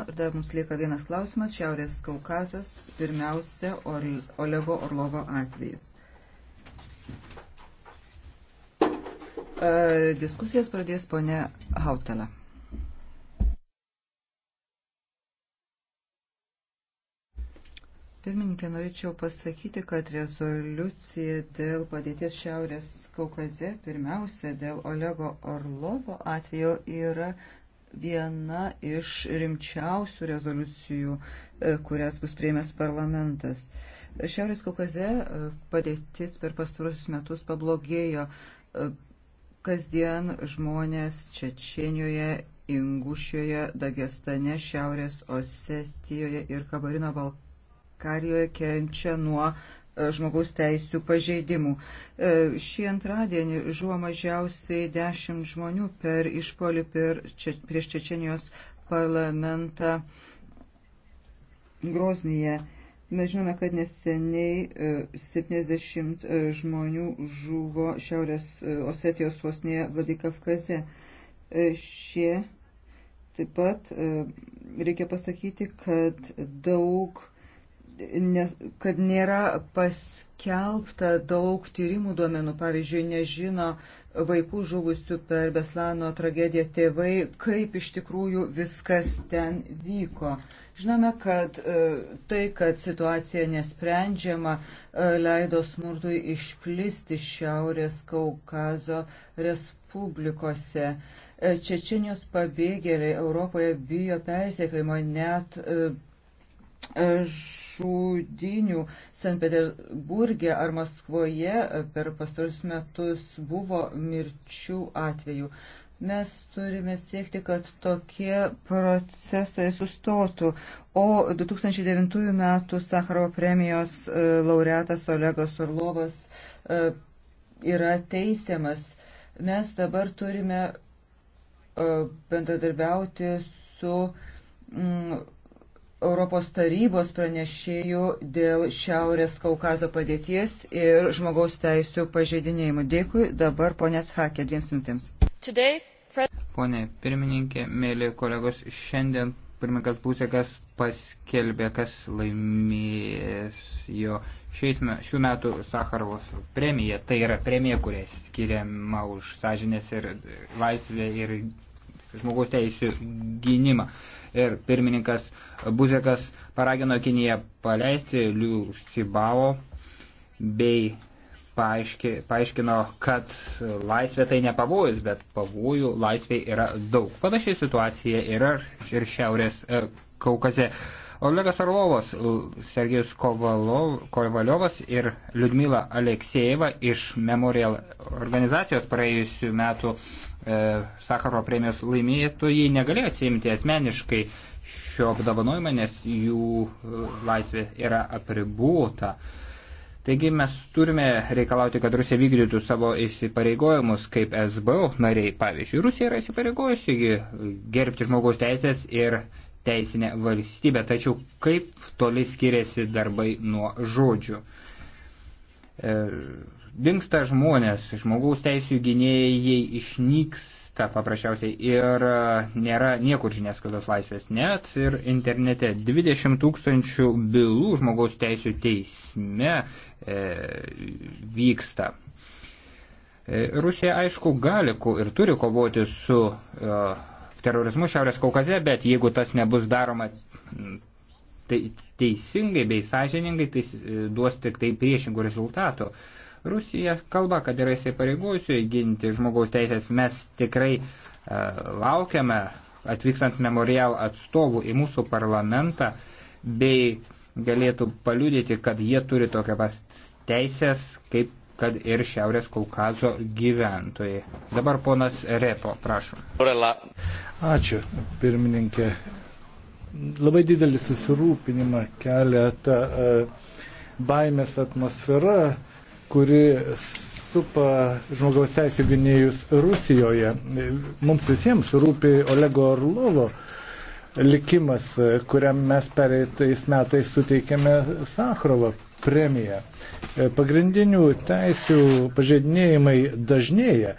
Ir dar mums lieka vienas klausimas - Šiaurės Kaukazas, pirmiausia, Orl Olego Orlovo atvejis. E, diskusijas pradės ponė Hautelė. Pirmininkė, norėčiau pasakyti, kad rezoliucija dėl padėties Šiaurės Kaukaze, pirmiausia, dėl Olego Orlovo atvejo yra viena iš rimčiausių rezoliucijų, e, kurias bus prieimęs parlamentas. Šiaurės Kaukaze e, padėtis per pastarusius metus pablogėjo. E, kasdien žmonės Čečienijoje, Ingušijoje, Dagestane, Šiaurės Osetijoje ir Kabarino Balkarijoje kenčia nuo žmogaus teisų pažeidimų. E, šį antradienį žuvo mažiausiai dešimt žmonių per išpolį per, čia, prieš Čečenijos parlamentą Groznyje. Mes žinome, kad neseniai 70 e, e, žmonių žuvo Šiaurės Osetijos sosnėje Vladikavkaze. Šie taip pat reikia pasakyti, kad daug ne, kad nėra paskelbta daug tyrimų duomenų, pavyzdžiui, nežino vaikų žuvusių per Beslano tragediją tėvai, kaip iš tikrųjų viskas ten vyko. Žinome, kad e, tai, kad situacija nesprendžiama, e, leido smurtui išplisti Šiaurės Kaukazo Respublikose. E, Čečenijos pabėgėliai Europoje bijo persiekimo net žudinių St. Peterburgė ar Maskvoje per pastarus metus buvo mirčių atvejų. Mes turime siekti, kad tokie procesai sustotų. O 2009 m. Sakharovo premijos e, laureatas Olegas Orlovas e, yra teisiamas. Mes dabar turime e, bendradarbiauti su mm, Europos tarybos pranešėjų dėl Šiaurės Kaukazo padėties ir žmogaus teisų pažeidinėjimų. Dėkui, dabar ponės Hakė, dviems minutėms. Pone pirmininkė, mėly kolegos, šiandien pirmininkas Būsėkas paskelbė, kas laimės jo šiais, šių metų Sakarovos premiją. Tai yra premija, kuria skiriama už sąžinės ir laisvę ir žmogaus teisų gynimą. Ir pirmininkas Buzekas paragino Kiniją paleisti Liu Sibao bei paaiški, paaiškino, kad laisvė tai ne pavojus, bet pavojų laisvė yra daug. Panašiai situacija yra ir Šiaurės e, Kaukaze. Olegas Orlovas, Sergejus Kovalov, Kovaliovas ir Liudmila Aleksejeva iš Memorial organizacijos praėjusių metų e, Sakaro premijos laimėtojai negalėjo atsiimti asmeniškai šio apdovanojimo, nes jų e, laisvė yra apribuota. Taigi mes turime reikalauti, kad Rusija vykdytų savo įsipareigojimus kaip SBO nariai. Pavyzdžiui, Rusija yra įsipareigojusi gerbti žmogaus teisės ir teisinę valstybę, tačiau kaip toli skiriasi darbai nuo žodžių. E, dinksta žmonės, žmogaus teisų gynėjai išnyksta paprasčiausiai ir e, nėra niekur žiniasklaidos laisvės, net ir internete 20 tūkstančių bylų žmogaus teisų teisme e, vyksta. E, Rusija aišku gali ir turi kovoti su e, terorizmu Šiaurės Kaukaze, bet jeigu tas nebus daroma tai teisingai bei sąžiningai, tai e, duos tik tai priešingų rezultatų. Rusija kalba, kad yra įsipareigojusi ginti žmogaus teisės. Mes tikrai e, laukiame atvykstant memorial atstovų į mūsų parlamentą, bei galėtų paliudyti, kad jie turi tokią pas teisės kaip kad ir Šiaurės Kaukazo gyventojai. Dabar ponas Repo, prašom. Ačiū, pirmininkė. Labai didelį susirūpinimą kelia ta e, baimės atmosfera, kuri supa žmogaus teisų gynėjus Rusijoje. Mums visiems rūpi Olego Orlovo likimas, kuriam mes pereitais metais suteikėme Sakrovo premiją. Pagrindinių teisių pažeidinėjimai dažnėja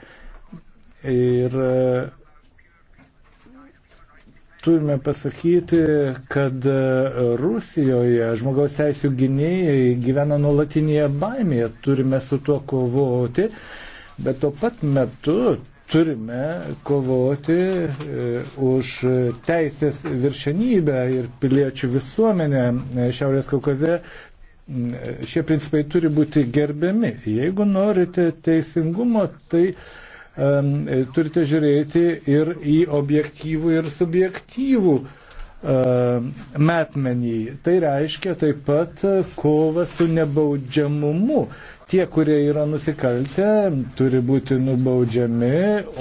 ir turime pasakyti, kad Rusijoje žmogaus teisų gynėjai gyvena nuolatinėje baimėje, turime su tuo kovoti, bet tuo pat metu turime kovoti e, už teisės viršenybę ir piliečių visuomenę e, Šiaurės Kaukaze. Mm, šie principai turi būti gerbiami. Jeigu norite teisingumo, tai um, turite žiūrėti ir į objektyvų ir subjektyvų um, metmenį. Tai reiškia taip pat kovą su nebaudžiamumu. Tie, kurie yra nusikaltę, turi būti nubaudžiami,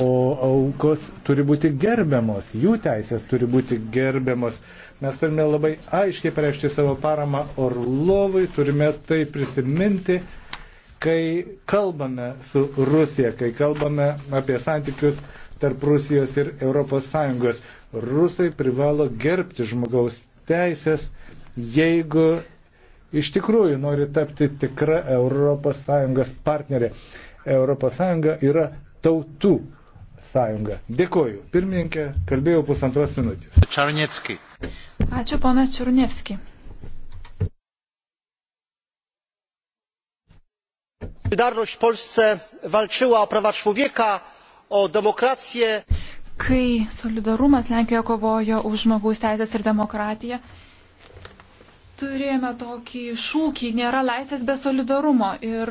o aukos turi būti gerbiamos, jų teisės turi būti gerbiamos. Mes turime labai aiškiai pareikšti savo paramą Orlovui, turime tai prisiminti, kai kalbame su Rusija, kai kalbame apie santykius tarp Rusijos ir ES. Rusai privalo gerbti žmogaus teisės, jeigu iš tikrųjų nori tapti tikra ES partnerė. ES yra tautų sąjunga. Dėkoju. Pirmininkė, kalbėjau pusantros minutės. Čarniecki. Ačiū, ponas Čurnievski. Solidarność w Polsce walczyła o prawa człowieka, o demokrację. Kai solidarumas Lenkijoje kovojo už žmogaus teisės ir demokratiją, turėjome tokį šūkį, nėra laisvės be solidarumo. Ir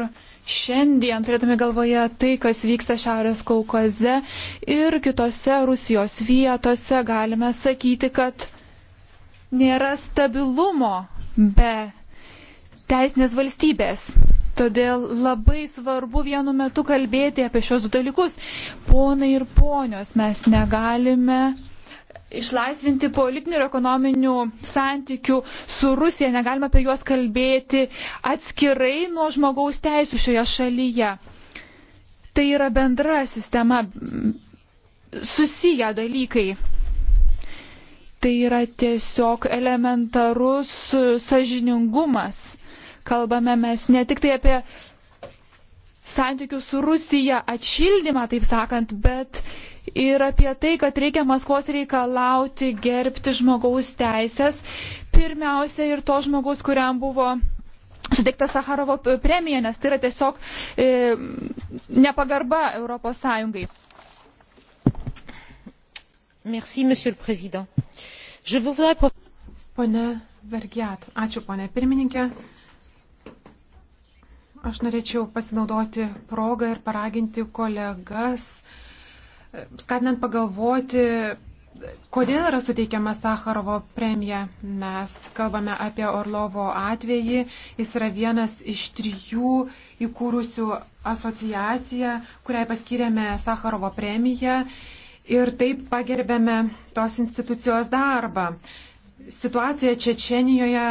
šiandien, turėdami galvoje tai, kas vyksta Šiaurės Kaukaze ir kitose Rusijos vietose, galime sakyti, kad nėra stabilumo be teisinės valstybės. Todėl labai svarbu vienu metu kalbėti apie šios du dalykus. Ponai ir ponios, mes negalime išlaisvinti politinių ir ekonominių santykių su Rusija, negalima apie juos kalbėti atskirai nuo žmogaus teisų šioje šalyje. Tai yra bendra sistema, susiję dalykai. Tai yra tiesiog elementarus sažiningumas. Kalbame mes ne tik tai apie santykių su Rusija atšildymą, taip sakant, bet ir apie tai, kad reikia Maskvos reikalauti gerbti žmogaus teisės, pirmiausia ir to žmogaus, kuriam buvo suteikta Sakarovo premija, nes tai yra tiesiog e, nepagarba Europos Sąjungai. Merci, monsieur le président. Je voudrais... Pone Vergiat, ačiū pone pirmininkė. Aš norėčiau pasinaudoti progą ir paraginti kolegas skatinant pagalvoti, kodėl yra suteikiama Sakarovo premija. Mes kalbame apie Orlovo atvejį. Jis yra vienas iš trijų įkūrusių asociaciją, kuriai paskiriame Sakarovo premiją ir taip pagerbėme tos institucijos darbą. Situacija Čečenijoje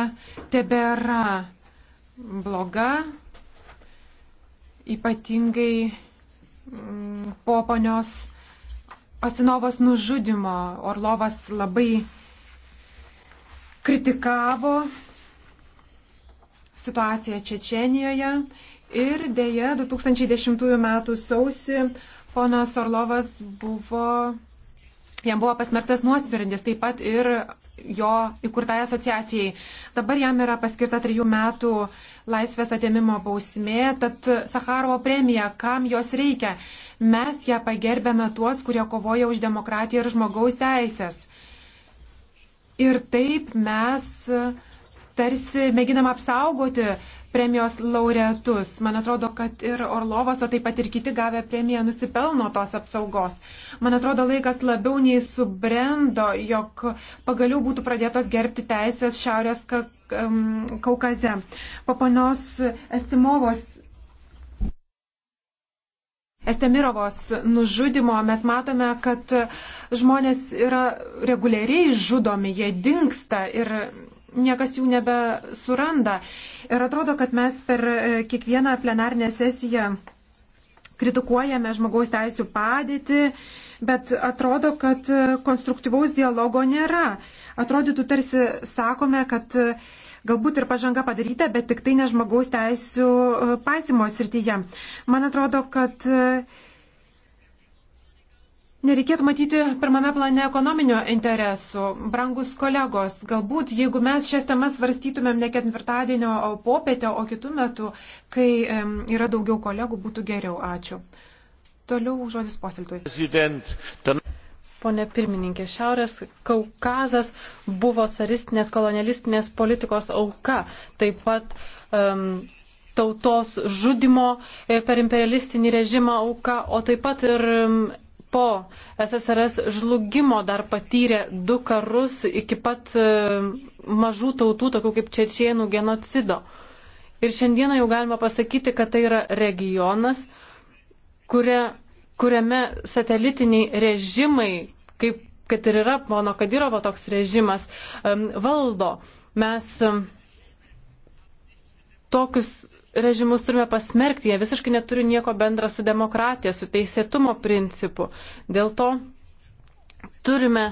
tebėra bloga, ypatingai mm, po ponios Osinovos nužudimo Orlovas labai kritikavo situaciją Čečenijoje ir dėja 2010 m. sausi ponas Orlovas buvo, jam buvo pasmerktas nuosprendis, taip pat ir jo įkurtai asociacijai. Dabar jam yra paskirta trijų metų laisvės atėmimo bausmė, tad Sakarovo premija, kam jos reikia? Mes ją pagerbėme tuos, kurie kovoja už demokratiją ir žmogaus teisės. Ir taip mes tarsi mėginam apsaugoti uh, premijos laureatus. Man atrodo, kad ir Orlovas, o taip pat ir kiti gavę premiją nusipelno tos apsaugos. Man atrodo, laikas labiau nei subrendo, jog pagaliau būtų pradėtos gerbti teisės Šiaurės Kaukaze. Po ponios Estimovos Estemirovos nužudimo mes matome, kad žmonės yra reguliariai žudomi, jie dinksta ir niekas jų nebesuranda. Ir atrodo, kad mes per e, kiekvieną plenarnę sesiją kritikuojame žmogaus teisų padėtį, bet atrodo, kad e, konstruktyvaus dialogo nėra. Atrodytų tarsi sakome, kad e, galbūt ir pažanga padaryta, bet tik tai ne žmogaus teisų paisimo srityje. Man atrodo, kad Nereikėtų matyti pirmame plane ekonominio interesų. Brangus kolegos, galbūt jeigu mes šias temas varstytumėm ne ketvirtadienio popietę, o kitų metų, kai um, yra daugiau kolegų, būtų geriau. Ačiū. Toliau žodis posiltui. Pone pirmininkė, Šiaurės Kaukazas buvo caristinės kolonialistinės politikos auka. Taip pat. Um, tautos žudimo e, per imperialistinį režimą auka, o taip pat ir po SSRS žlugimo dar patyrė du karus iki pat e, mažų tautų, tokių kaip čečienų genocido. Ir šiandieną jau galima pasakyti, kad tai yra regionas, kuria, kuriame satelitiniai režimai, kaip kad ir yra pono Kadirovo toks režimas, valdo. Mes tokius režimus turime pasmerkti, jie visiškai neturi nieko bendra su demokratija, su teisėtumo principu. Dėl to turime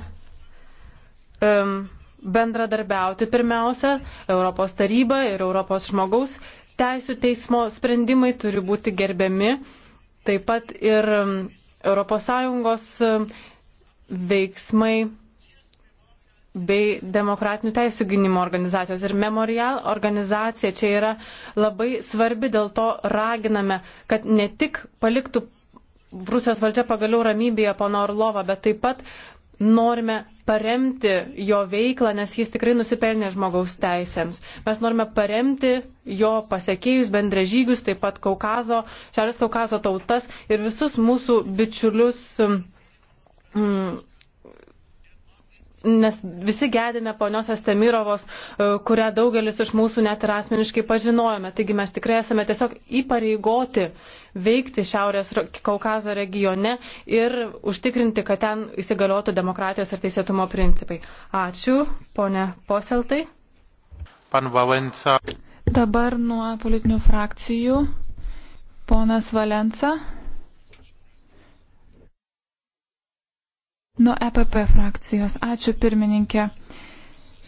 um, bendradarbiauti pirmiausia, Europos taryba ir Europos žmogaus teisų teismo sprendimai turi būti gerbiami, taip pat ir um, ES veiksmai bei demokratinių teisų gynimo organizacijos. Ir Memorial organizacija čia yra labai svarbi, dėl to raginame, kad ne tik paliktų Rusijos valdžia pagaliau ramybėje pono Orlovą, bet taip pat norime paremti jo veiklą, nes jis tikrai nusipelnė žmogaus teisėms. Mes norime paremti jo pasiekėjus, bendražygius, taip pat Kaukazo, Šiaurės Kaukazo tautas ir visus mūsų bičiulius. Mm, nes visi gedime ponios Estemirovos, e, kurią daugelis iš mūsų net ir asmeniškai pažinojome. Taigi mes tikrai esame tiesiog įpareigoti veikti Šiaurės Kaukazo regione ir užtikrinti, kad ten įsigaliotų demokratijos ir teisėtumo principai. Ačiū, ponė Poseltai. Pan Valenca. Dabar nuo politinių frakcijų. Ponas Valenca. Nuo EPP frakcijos. Ačiū pirmininkė.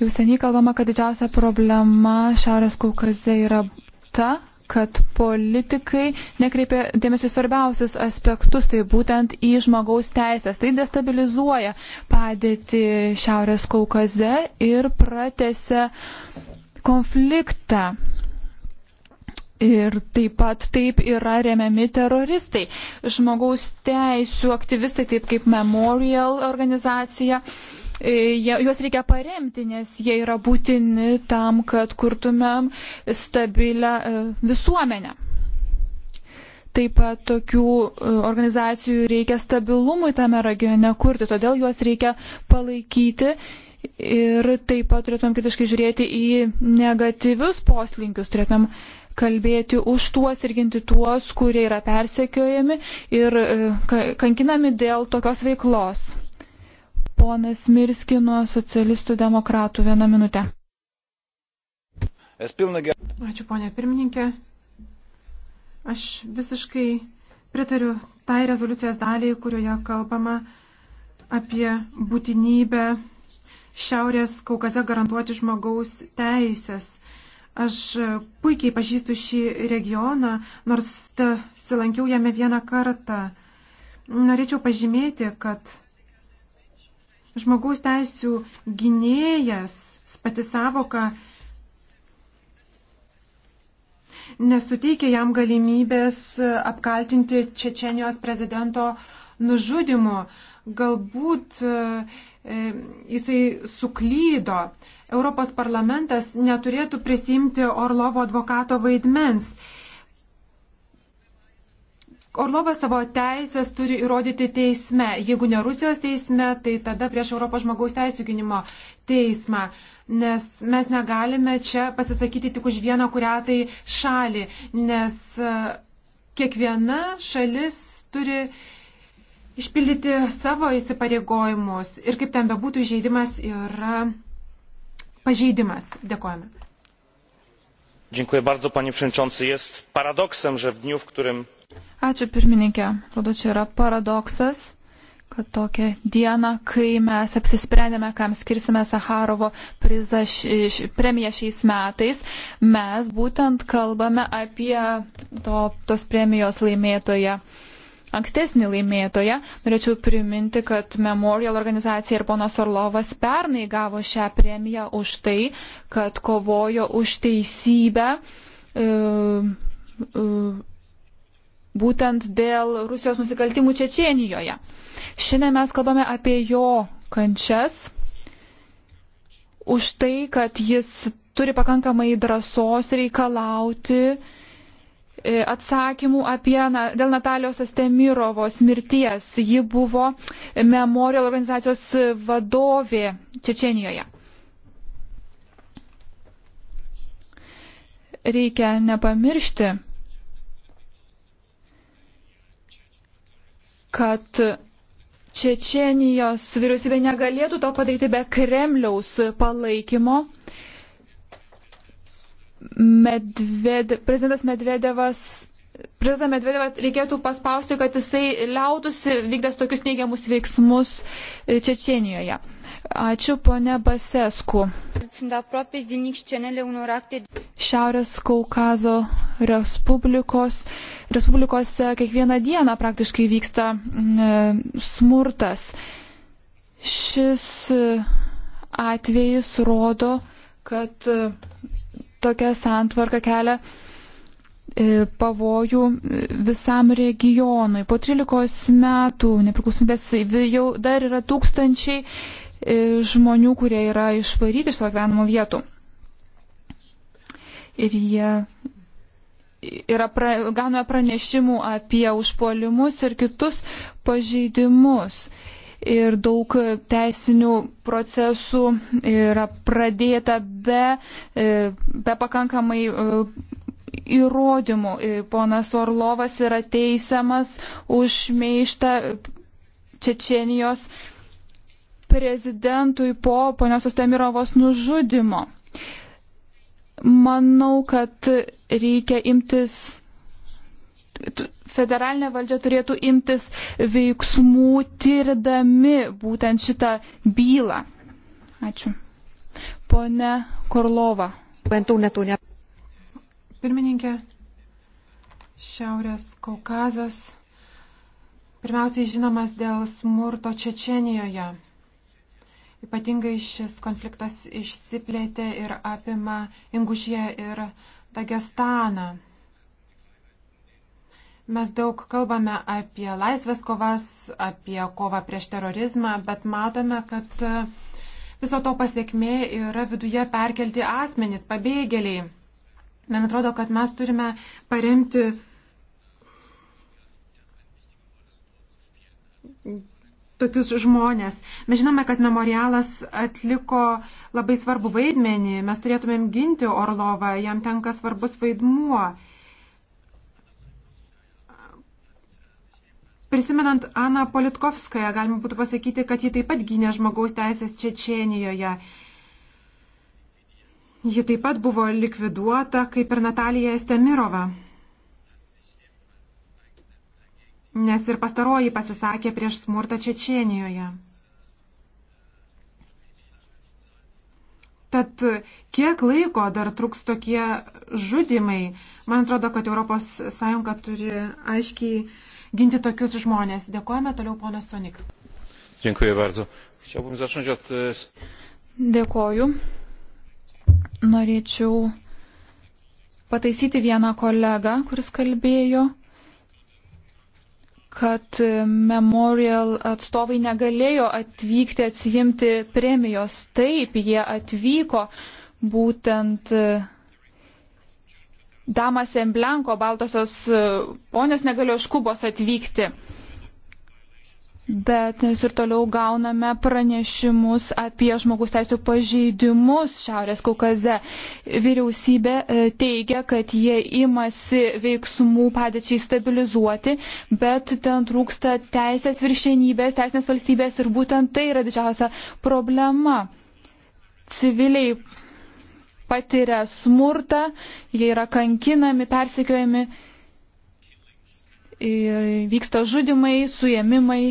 Jau seniai kalbama, kad didžiausia problema Šiaurės Kaukaze yra ta, kad politikai nekreipia dėmesį svarbiausius aspektus, tai būtent į žmogaus teisės. Tai destabilizuoja padėti Šiaurės Kaukaze ir pratese konfliktą. Ir taip pat taip yra remiami teroristai. Žmogaus teisų aktyvistai, taip kaip Memorial organizacija, e, juos reikia paremti, nes jie yra būtini tam, kad kurtumėm stabilę e, visuomenę. Taip pat tokių e, organizacijų reikia stabilumui tame regione kurti, todėl juos reikia palaikyti ir taip pat turėtumėm kritiškai žiūrėti į negatyvius poslinkius, turėtumėm kalbėti už tuos ir ginti tuos, kurie yra persekiojami ir e, kankinami dėl tokios veiklos. Ponas Mirski nuo socialistų demokratų vieną minutę. Ačiū, ponė pirmininkė. Aš visiškai pritariu tai rezoliucijos daliai, kurioje kalbama apie būtinybę Šiaurės Kaukaze garantuoti žmogaus teisės. Aš e, puikiai pažįstu šį regioną, nors silankiau jame vieną kartą. Norėčiau pažymėti, kad žmogaus teisų gynėjas pati savoka nesuteikia jam galimybės apkaltinti Čečenijos prezidento nužudimu. Galbūt e, e, jisai suklydo. Europos parlamentas neturėtų prisimti Orlovo advokato vaidmens. Orlovas savo teisės turi įrodyti teisme. Jeigu ne Rusijos teisme, tai tada prieš Europos žmogaus teisų gynimo teismą. Nes mes negalime čia pasisakyti tik už vieną kurią tai šalį, nes e, kiekviena šalis turi uh, išpildyti savo įsipareigojimus ir kaip ten bebūtų įžeidimas yra pažeidimas. Dėkojame. Dziękuję bardzo, panie przewodniczący. Jest paradoksem, że w dniu, w którym. Ačiū pirmininkė. Rodo, čia yra paradoksas, kad tokią dieną, kai mes apsisprendėme, kam skirsime Saharovo prizą, š, premiją šiais metais, mes būtent kalbame apie to, tos premijos laimėtoją. Uh, ankstesnį laimėtoją. Norėčiau priminti, kad Memorial organizacija ir ponas Orlovas pernai gavo šią premiją už tai, kad kovojo už teisybę. E, e, būtent dėl Rusijos nusikaltimų Čečienijoje. Šiandien mes kalbame apie jo kančias už tai, kad jis turi pakankamai drąsos reikalauti uh, E, atsakymų apie na, dėl Natalijos Astemirovos mirties. Ji buvo Memorial organizacijos vadovė Čečenijoje. Reikia nepamiršti, kad Čečenijos vyriausybė negalėtų to padaryti be Kremliaus palaikymo Medved, prezidentas Medvedevas. Prezidentą Medvedevą reikėtų paspausti, kad jisai liautųsi vykdęs tokius neigiamus veiksmus e, Čečenijoje. Ačiū, ponė Basesku. Šiaurės Kaukazo Respublikos. Respublikose kiekvieną dieną praktiškai vyksta e, smurtas. Šis e, atvejis rodo, kad tokia santvarka kelia e, pavojų e, visam regionui. Po 13 metų nepriklausomybės jau dar yra tūkstančiai e, žmonių, kurie yra išvaryti iš savo gyvenimo vietų. Ir jie yra pra, gauna pranešimų apie užpuolimus ir kitus pažeidimus ir daug teisinių procesų yra pradėta be, e, be pakankamai e, įrodymų. E, ponas Orlovas yra teisiamas už meištą Čečienijos prezidentui po ponios Ostemirovos nužudimo. Manau, kad reikia imtis federalinė valdžia turėtų imtis veiksmų tirdami būtent šitą bylą. Ačiū. Pone Korlova. Pirmininkė, Šiaurės Kaukazas pirmiausiai žinomas dėl smurto Čečenijoje. Ypatingai šis konfliktas išsiplėtė ir apima Ingušiją ir Dagestaną. Mes daug kalbame apie laisvės kovas, apie kovą prieš terorizmą, bet matome, kad e, viso to pasiekmė yra viduje perkelti asmenys, pabėgėliai. Man atrodo, kad mes turime paremti tokius žmonės. Mes žinome, kad memorialas atliko labai svarbu vaidmenį. Mes turėtumėm ginti Orlovą, jam tenka svarbus vaidmuo. Prisimenant Aną Politkovskąją, galima būtų pasakyti, kad ji taip pat gynė žmogaus teisės Čečienijoje. Ji taip pat buvo likviduota, kaip ir Natalija Estemirova. Nes ir pastaroji pasisakė prieš smurtą Čečienijoje. Tad kiek laiko dar truks tokie žudimai? Man atrodo, kad ES turi aiškiai ginti tokius žmonės. Dėkojame toliau, ponas Sonik. Dziękuję bardzo. Chciałbym zacząć od... E, Dėkoju. Norėčiau pataisyti vieną kolegą, kuris kalbėjo, kad Memorial atstovai negalėjo atvykti atsijimti premijos. Taip, jie atvyko būtent e, Damas Emblanko, baltosios e, ponios negalėjo iš Kubos atvykti. Bet mes ir toliau gauname pranešimus apie žmogus teisų pažeidimus Šiaurės Kaukaze. Vyriausybė e, teigia, kad jie imasi veiksmų padėčiai stabilizuoti, bet ten trūksta teisės viršenybės, teisinės valstybės ir būtent tai yra didžiausia problema. Civiliai patiria smurtą, jie yra kankinami, persekiojami, vyksta žudimai, suėmimai.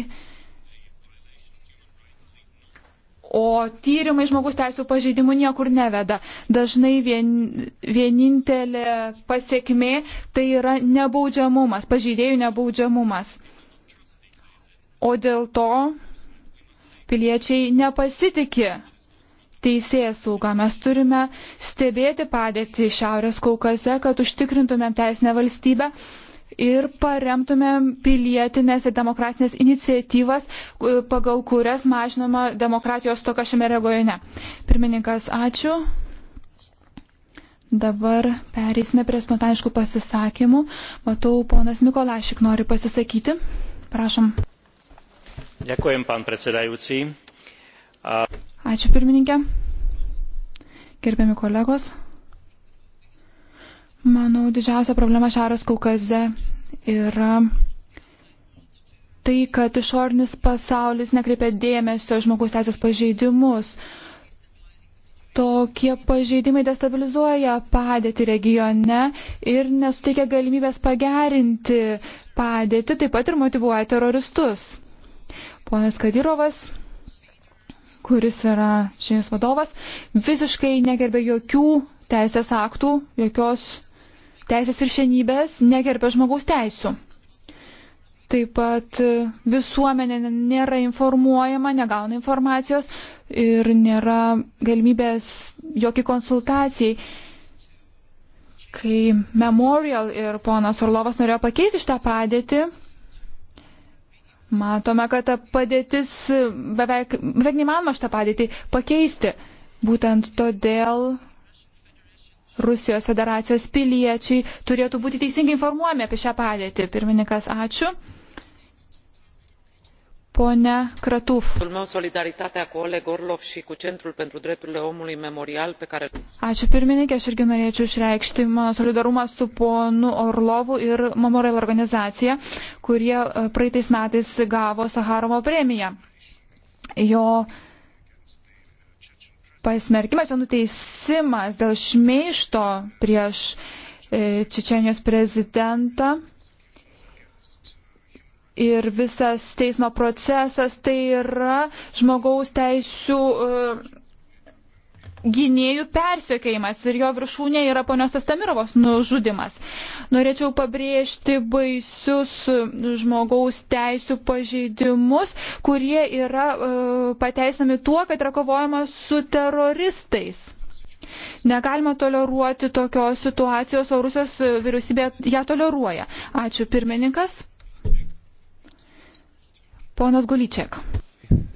O tyrimai žmogus teisų pažeidimų niekur neveda. Dažnai vien, vienintelė pasiekmė tai yra nebaudžiamumas, pažeidėjų nebaudžiamumas. O dėl to piliečiai nepasitikė teisėją saugą. Mes turime stebėti padėtį Šiaurės Kaukaze, kad užtikrintumėm teisinę valstybę ir paremtumėm pilietinės ir demokratinės iniciatyvas, e, pagal kurias mažinama demokratijos toka šiame regione. Pirmininkas, ačiū. Dabar perėsime prie spontaniškų pasisakymų. Matau, ponas Mikolašik nori pasisakyti. Prašom. Dėkuojam, pan predsedajūcijai. A... Ačiū pirmininkė. Gerbiami kolegos. Manau, didžiausia problema Šiaurės Kaukaze yra tai, kad išornis pasaulis nekreipia dėmesio žmogaus teisės pažeidimus. Tokie pažeidimai destabilizuoja padėtį regione ir nesuteikia galimybės pagerinti padėtį, taip pat ir motivuoja teroristus. Ponas Kadyrovas kuris yra šiandienis vadovas, visiškai negerbė jokių teisės aktų, jokios teisės ir šienybės, negerbė žmogaus teisų. Taip pat visuomenė nėra informuojama, negauna informacijos ir nėra galimybės jokiai konsultacijai. Kai Memorial ir ponas Orlovas norėjo pakeisti šitą padėtį, Matome, kad ta padėtis beveik, beveik neįmanoma šitą padėtį pakeisti. Būtent todėl Rusijos federacijos piliečiai turėtų būti teisingai informuojami apie šią padėtį. Pirmininkas, ačiū. Pone Kratuf. Ačiū pirmininkė, aš irgi norėčiau išreikšti mano solidarumą su ponu Orlovu ir Memorial organizacija, kurie e, praeitais metais gavo Saharovo premiją. Jo pasmerkimas, jo nuteisimas dėl šmeišto prieš e, Čečenijos prezidentą ir visas teismo procesas tai yra žmogaus teisų e, gynėjų persiekėjimas ir jo viršūnė yra ponios Astamirovos nužudimas. Norėčiau pabrėžti baisius žmogaus teisų pažeidimus, kurie yra uh, e, pateisami tuo, kad yra kovojama su teroristais. Negalima toleruoti tokios situacijos, o Rusijos vyriausybė ją toleruoja. Ačiū pirmininkas. Ponas Gulyčiak.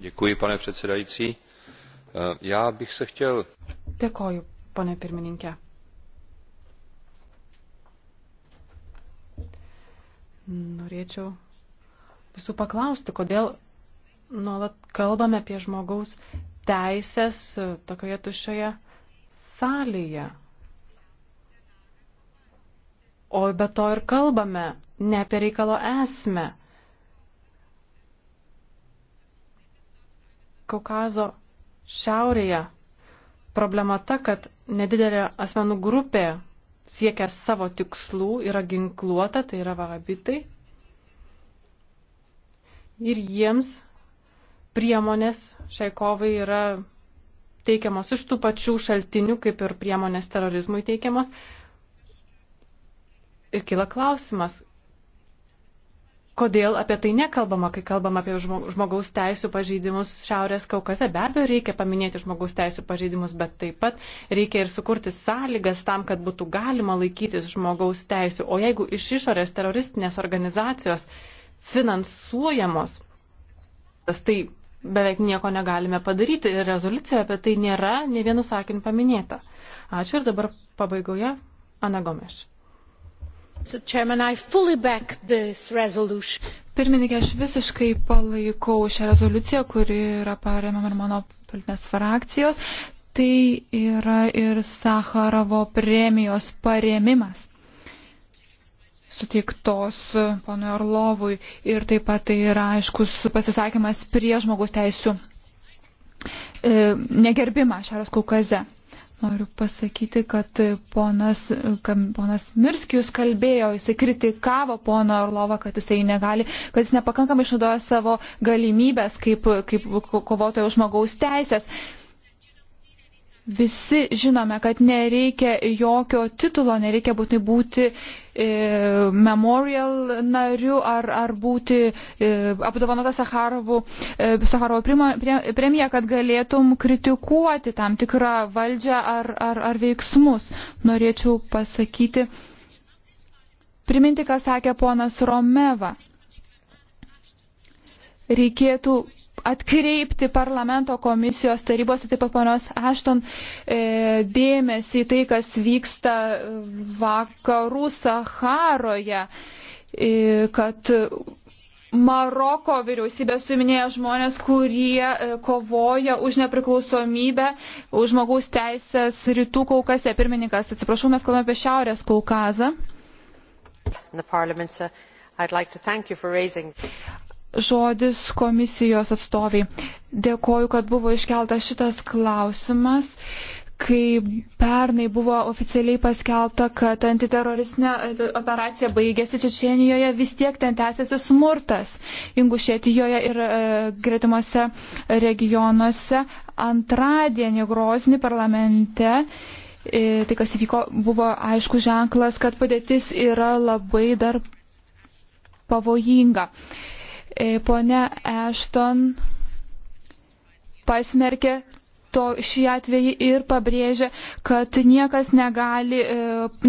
Dėkui, pane predsedajci. E, já bych se chtěl. Dėkoju, pane pirmininkė. Norėčiau visų paklausti, kodėl nuolat kalbame apie žmogaus teisės tokioje tušioje salėje. O be to ir kalbame ne apie reikalo esmę. Kaukazo šiaurėje problema ta, kad nedidelė asmenų grupė siekia savo tikslų, yra ginkluota, tai yra vahabitai. Ir jiems priemonės šiai kovai yra teikiamos iš tų pačių šaltinių, kaip ir priemonės terorizmui teikiamos. Ir kila klausimas, kodėl apie tai nekalbama, kai kalbam apie žmogaus teisų pažeidimus Šiaurės Kaukaze. Be abejo, reikia paminėti žmogaus teisų pažeidimus, bet taip pat reikia ir sukurti sąlygas tam, kad būtų galima laikytis žmogaus teisų. O jeigu iš išorės teroristinės organizacijos finansuojamos, tai beveik nieko negalime padaryti ir rezoliucijoje apie tai nėra ne vienu sakiniu paminėta. Ačiū ir dabar pabaigoje Ana Gomeš. Pirmininkė, aš visiškai palaikau šią rezoliuciją, kuri yra paremama ir mano politinės frakcijos. Tai yra ir Sakarovo premijos paremimas suteiktos ponui Orlovui ir taip pat tai yra aiškus pasisakymas prie žmogus teisų e, negerbimą Šiaurės Kaukaze. Noriu pasakyti, kad ponas, ponas Mirskijus kalbėjo, jisai kritikavo pono Orlovą, kad jisai negali, kad jis nepakankamai išnaudoja savo galimybės kaip, kaip kovotojo žmogaus teisės. Visi žinome, kad nereikia jokio titulo, nereikia būtinai būti e, memorial nariu ar, ar būti e, apdovanota Sakarovo, e, Sakarovo premija, kad galėtum kritikuoti tam tikrą valdžią ar, ar, ar veiksmus. Norėčiau pasakyti, priminti, ką sakė ponas Romeva. Reikėtų atkreipti parlamento komisijos tarybos, taip pat ponios Ašton, e, dėmesį į tai, kas vyksta vakarų Saharoje, e, kad Maroko vyriausybė suiminėja žmonės, kurie e, kovoja už nepriklausomybę, už žmogaus teisės rytų Kaukase. Pirmininkas, atsiprašau, mes kalbame apie Šiaurės Kaukazą. Like raising žodis komisijos atstoviai. Dėkoju, kad buvo iškeltas šitas klausimas. Kai pernai buvo oficialiai paskelbta, kad antiteroristinė e, operacija baigėsi Čečienijoje, vis tiek ten tęsiasi smurtas Ingušėtijoje ir e, gretimose regionuose. Antradienį Grozni parlamente e, tai kas įvyko, buvo aišku ženklas, kad padėtis yra labai dar pavojinga. E, Pone Ešton pasmerkė to, šį atvejį ir pabrėžia, kad niekas negali, e,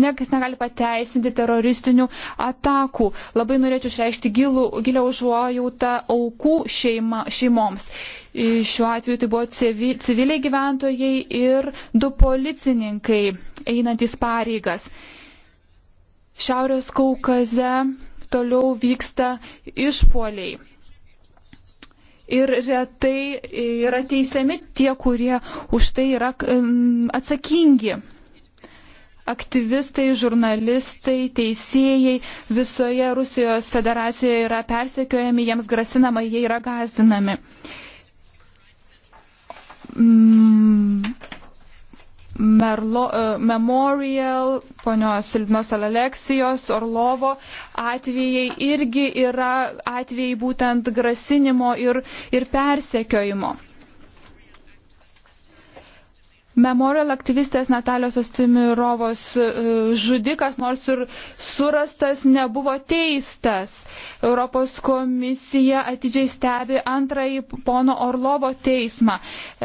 niekas negali pateisinti teroristinių atakų. Labai norėčiau išreikšti gilų, gilę užuojautą aukų šeima, šeimoms. E, šiuo atveju tai buvo civiliai gyventojai ir du policininkai einantys pareigas. Šiaurės Kaukaze toliau vyksta išpoliai. Ir retai yra teisiami tie, kurie už tai yra atsakingi. Aktyvistai, žurnalistai, teisėjai visoje Rusijos federacijoje yra persekiojami, jiems grasinama, jie yra gazdinami. Mm Merlo, e, Memorial, ponios Silvinos Aleksijos, Orlovo atvejai irgi yra atvejai būtent grasinimo ir, ir persekiojimo. Memorial aktyvistės Natalios Astimirovos e, žudikas, nors ir surastas, nebuvo teistas. Europos komisija atidžiai stebi antrąjį pono Orlovo teismą.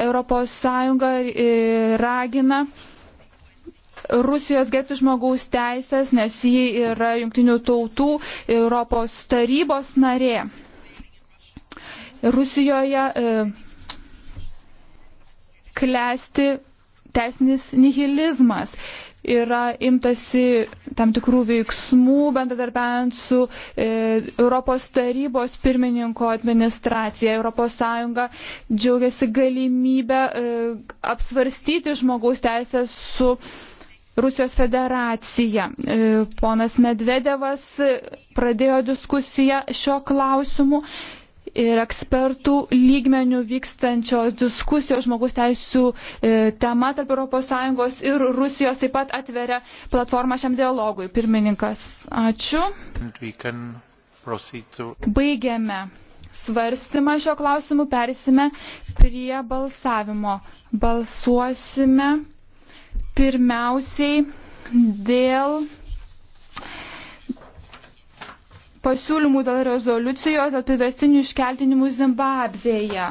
Europos Sąjunga e, ragina. Rusijos gerbti žmogaus teisės, nes ji yra Junktinių tautų Europos tarybos narė. Rusijoje e, klesti teisinis nihilizmas. Yra imtasi tam tikrų veiksmų, bendradarbiaujant su e, Europos tarybos pirmininko administracija. Europos Sąjunga džiaugiasi galimybę e, apsvarstyti žmogaus teisės su Rusijos federacija. E, ponas Medvedevas pradėjo diskusiją šio klausimu ir ekspertų lygmenių vykstančios diskusijos žmogus teisų e, tema tarp ES ir Rusijos taip pat atveria platformą šiam dialogui. Pirmininkas, ačiū. Baigiame svarstymą šio klausimu, persime prie balsavimo. Balsuosime pirmiausiai dėl pasiūlymų dėl rezoliucijos dėl priverstinių iškeldinimų Zimbabvėje.